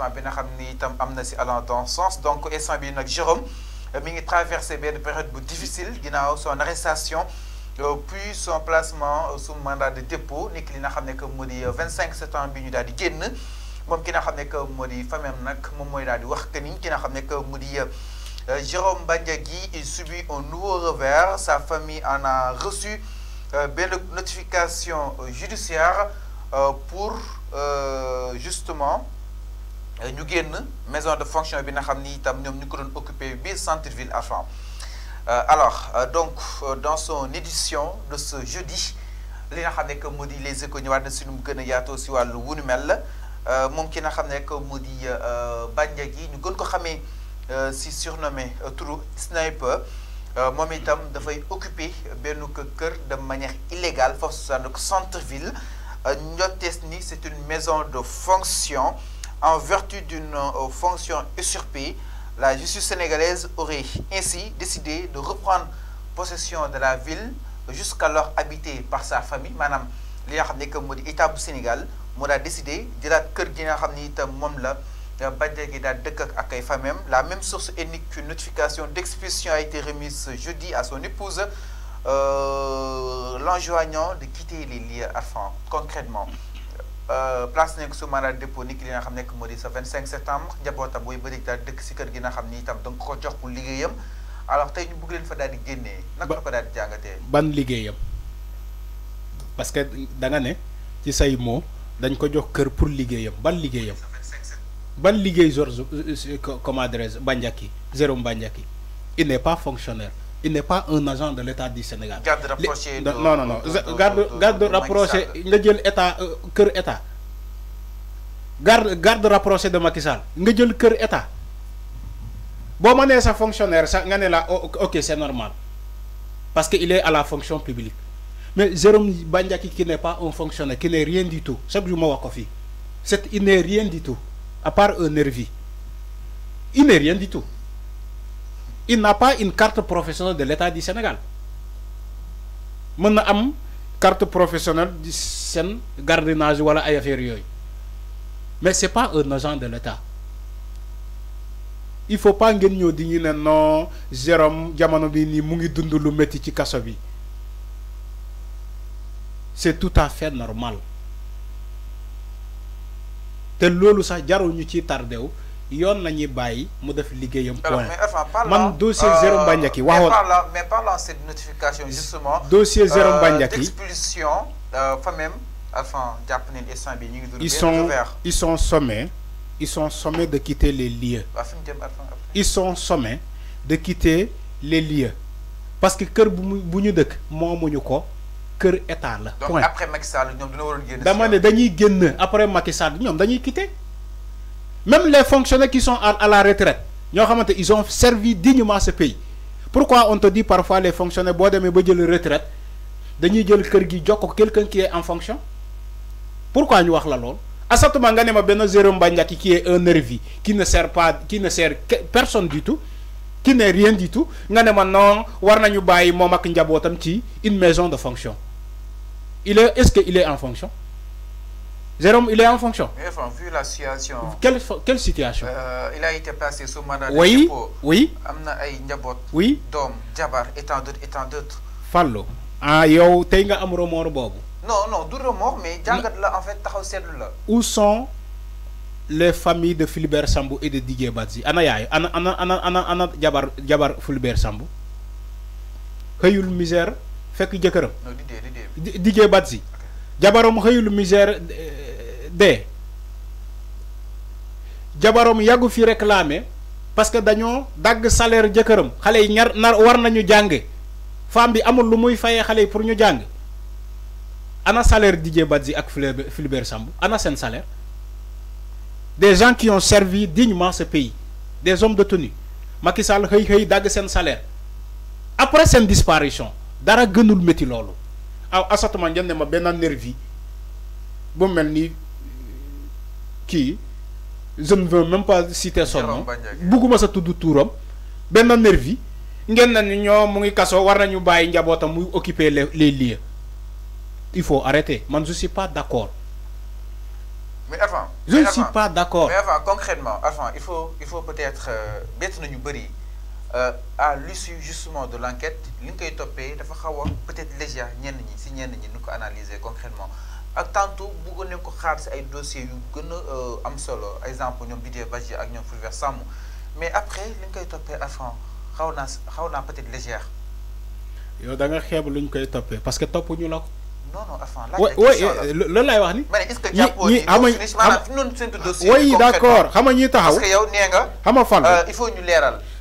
investissement bi nga xam ni itam am na si allant sens donc instant bi nag Jérôme euh, mi ngi traversé benn période bu difficile ginnaaw son arrestation euh, puis son placement euh, sous mandat de dépôt nekk li nga xam que moo 25 septembre bi ñu daal di génn moom ki nga xam ne que moo di famem nag moom mooy daal wax que ni ki nga xam que mu di Jérôme Bandiagui il subit un nouveau revers sa famille en a reçu benn notification judiciaire pour justement ñu génn maison de fonction bi nga xam ni itam ñoom ñu ko doon occupé biir centre ville à Fann euh, alors euh, donc euh, dans son édition de ce jeudi li nga xam ne que moo di les échos ñëwaat na si nu mu gën a yaatoo si wàllu wunu mel moom ki nga xam ne que moo di Bandia gi ñu gën ko xamee si surnommé true sniper moom itam dafay occupé benn kër de manière illégale foofu su centre ville njottees ni c'est une maison de fonction en vertu d'une euh, fonction usurpée, la justice sénégalaise aurait ainsi décidé de reprendre possession de la ville jusqu'alors habitée par sa famille Madame li Sénégal décidé de la euh, la même source ethnique qu'une notification d'expulsion a été remise jeudi à son épouse euh, l'enjoignant de quitter les lieux afin concrètement Euh, place nekk Soumara dépôt ni ki li nga xam nekk moo di sa 25 septembre njabootam booy bëri daal dëkk si kër gi nga xam ni itam danga ko jox pour liggéeyam alors tey ñu bëgg fa daal di génnee. naka la ko daal di liggéeyam parce que da nga ne ci say moo dañ ko jox kër pour liggéeyam ban liggéeyam. ban liggéey Georges euh, euh, comment dirais-je Bandiaky Jérôme Bandiaky il n'est pas fonctionnaire. il n'est pas un agent de l'État du Sénégal. Garde rapproché. De, non, non, non. De, garde, garde rapproché. Nga jël état cœur euh, état. garde garde rapproché de Macky Sall. nga jël cœur état. Bon, fonctionnaire ça oh, ok c'est normal parce qu'il est à la fonction publique mais Jérôme Bandiaki qui n'est pas un fonctionnaire qui n'est rien du tout C'est il n'est rien du tout à part un nervi il n'est rien du tout il n'a pas une carte professionnelle de l'État du Sénégal Je une carte professionnelle du Sénégal Mais wala ay mais c'est pas un agent de l'État il faut pas dire que Jérôme jamono bi mu c'est tout à fait normal yoon lañuy ñuy mu def liggéeyam. point man dossier zéro Mbandiaki euh, waxoon mais parlant cette notification justement. dossier zéro Mbandiaki euh, d'expulsion euh, fa même enfin jàpp nañu instant bi ñu ngi. ils sont ils sont sommés ils sont sommés de quitter les lieux. ils sont sommés de quitter les lieux parce que kër bu mu bu ñu dëkk moomuñu ko. kër état la. point donc après Macky Sall ñom dina waroon génn. dama ne dañuy génn après Macky Sall ñom dañuy quitter. Même les fonctionnaires qui sont à, la retraite, ils ont servi dignement ce pays. Pourquoi on te dit parfois les fonctionnaires, bon, mais la retraite, ils ont kër gi quelqu'un qui est en fonction pourquoi ñu wax la lool asatuma nga ne ma benn Jérôme qui est un nervi qui ne sert pas qui ne sert personne du tout qui n'est rien du tout nga ne dit que war nañu bàyyi ak une maison de fonction il est est-ce qu'il est en fonction Jérôme, il est en fonction. Eh, enfin, vu la situation. Quelle, quelle situation euh, Il a été placé sous mandat de dépôt. Oui. Amna ay njabot. Oui. Dom, jabar, étant d'autres, étant d'autres. Fallo. Ah, yo, t'es nga am remords bobu. Non, non, du remords, mais jangat la en fait taxaw setlu la. Où sont les familles de Philibert Sambou et de Didier Badzi Ana yaay, ana ana ana jabar jabar Philibert Sambou. Xeyul misère fekk jëkëram. Non, Didier, Didier. Didier Badzi. misère dé. jabaram yagu fi réclamer parce que dañoo dagg salaire jëkkëram xalé yi ñar nar war nañu jàng femme bi amul lu muy fayé xalé pour ñu jàng ana salaire Didier Badji ak Fulbert Sambou ana s'en salaire des gens qui ont servi dignement ce pays des hommes de tenue Macky Sall xëy xëy dagg s'en salaire après s'en disparition dara gënul metti lolu aw asatement ma benn nervi bu melni qui je ne veux même pas citer son nom bugguma sa tout touram ben nervi ngeen nañu ñoo mu ngi kasso war nañu bàyyi njabootam mu occuper les les lieux il faut arrêter man je suis pas d'accord mais avant je ne suis pas d'accord mais avant concrètement avant il faut il faut peut-être euh, bett nañu euh, à l'issue justement de l'enquête li qui est topée dafa peut-être déjà ñenn ñi si ñenn analyser concrètement ak tantôt bëggoon ko xaar si ay dossiers yu gëna euh, am solo exemple ñom Bidé Badji ak ñom Fulbert Sambou mais après li ñu koy topé Arfan xawna xawna xaw peut-être légère. yow da nga xeeb lu ñu koy topé parce que topu ñu lako non non Arfan la la euh, loolu laay wax ni. mais est-ce que jàppoo ni ñoom finish maanaam fi dossier. concrètement oui d'accord xama ñi ñuy taxaw parce que yow nee nga. xam fan euh, il faut ñu léral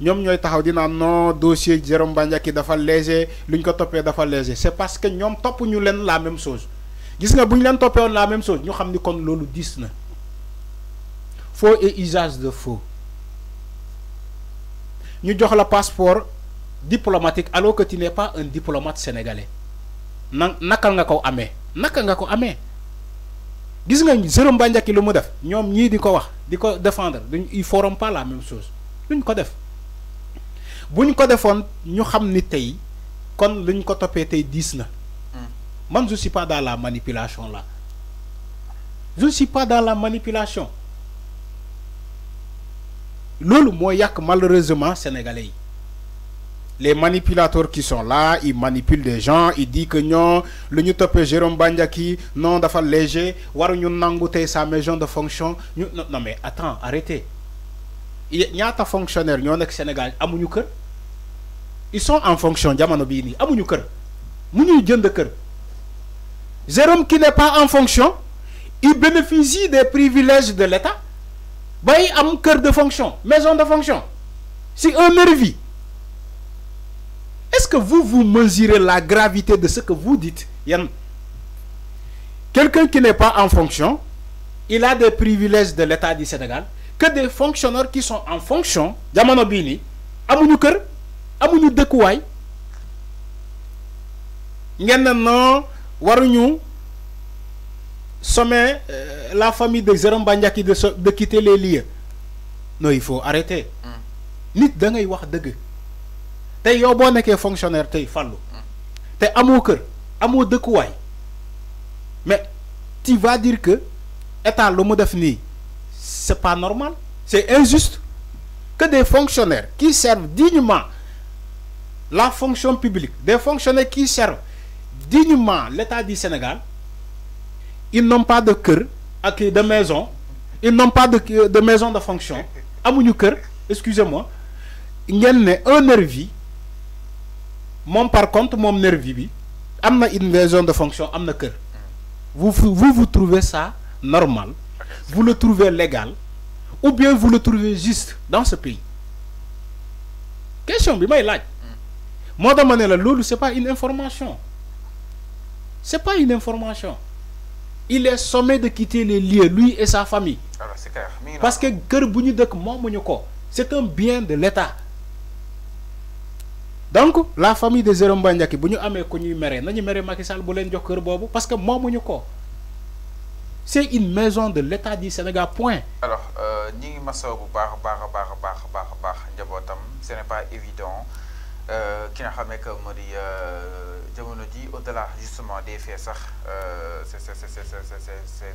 ñom ñoy taxaw di naan non dossier Jérôme Bandiaky dafa léger luñ ko topé dafa léger c'est parce que ñom topp ñu leen la même chose gis nga buñ ñu topé on la même chose ñu xamni kon lolu diis faux et usage de faux ñu jox la passeport diplomatique alors que tu n'es pas un diplomate sénégalais na nga ko amé naka nga ko amé gis nga Jérôme Bandiaky lu mu def ñom ñi diko wax diko défendre ils feront pas la même chose luñ ko def buñ ko des ñu xam ni tay kon lu ko topé tay 10 na hmm. man je suis pas dans la manipulation là je suis pas dans la manipulation lolu mo yak malheureusement sénégalais les manipulateurs qui sont là ils manipulent des gens ils disent que non, le ñu toppee Jérôme Bandiaky non dafa léger waruñu nangu tey sa maison de fonction ñu non mais attends arrêtez il y fonctionnaires fonctionnaire sont au Sénégal amuñu kër ils sont en fonction Ils sont nii amuñu kër Jérôme qui n'est pas en fonction il bénéficie des privilèges de l'État a un cœur de fonction maison de fonction c'est un nervi est-ce que vous vous mesurez la gravité de ce que vous dites quelqu'un qui n'est pas en fonction il a des privilèges de l'État du Sénégal que des fonctionnaires qui sont en fonction jamono bii nii amuñu kër amuñu dëkkuwaay ngeen non sommet euh, la famille de Jérôme qui de de quitter les lieux non il faut arrêter mm. nit da ngay wax T'es tey que boo nekkee fonctionnaire t'es fàllu te amoo kër de mais tu vas dire que état lu l'homme def fini c'est pas normal. C'est injuste que des fonctionnaires qui servent dignement la fonction publique, des fonctionnaires qui servent dignement l'État du Sénégal, ils n'ont pas de cœur, de maison, ils n'ont pas de, de, maison de fonction. excusez-moi, il y a un nervi. Mon par contre, mon nervi, il a une maison de fonction, il a cœur. Vous, vous, vous trouvez ça normal vous le trouvez légal ou bien vous le trouvez juste dans ce pays question bi may laaj moi la c'est pas une information c'est pas une information il est sommé de quitter les lieux lui et sa famille ah bah, parce que le buñu c'est un bien de l'État donc la famille de Zéro Mbandiaki bu ñu amee ñuy méré nañu méré Macky Sall parce que c'est une maison de l'État du Sénégal point. alors euh, bar, bar, ce n'est pas évident euh, ki n'a que euh, au delà justement des faits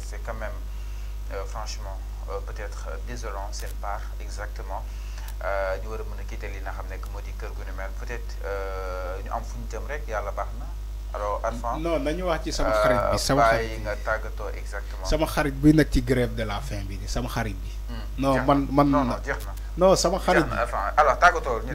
c'est quand même franchement peut-être désolant une part exactement ñu que peut-être ñu am alors Arfan non nañu wax ci sama euh, xarit bi sama xarit nga tàggatoo exactement. sama xarit bi nag ci grève de la faim bi sama xarit bi. Hmm, non man man non non jeex na non sama xarit bi alors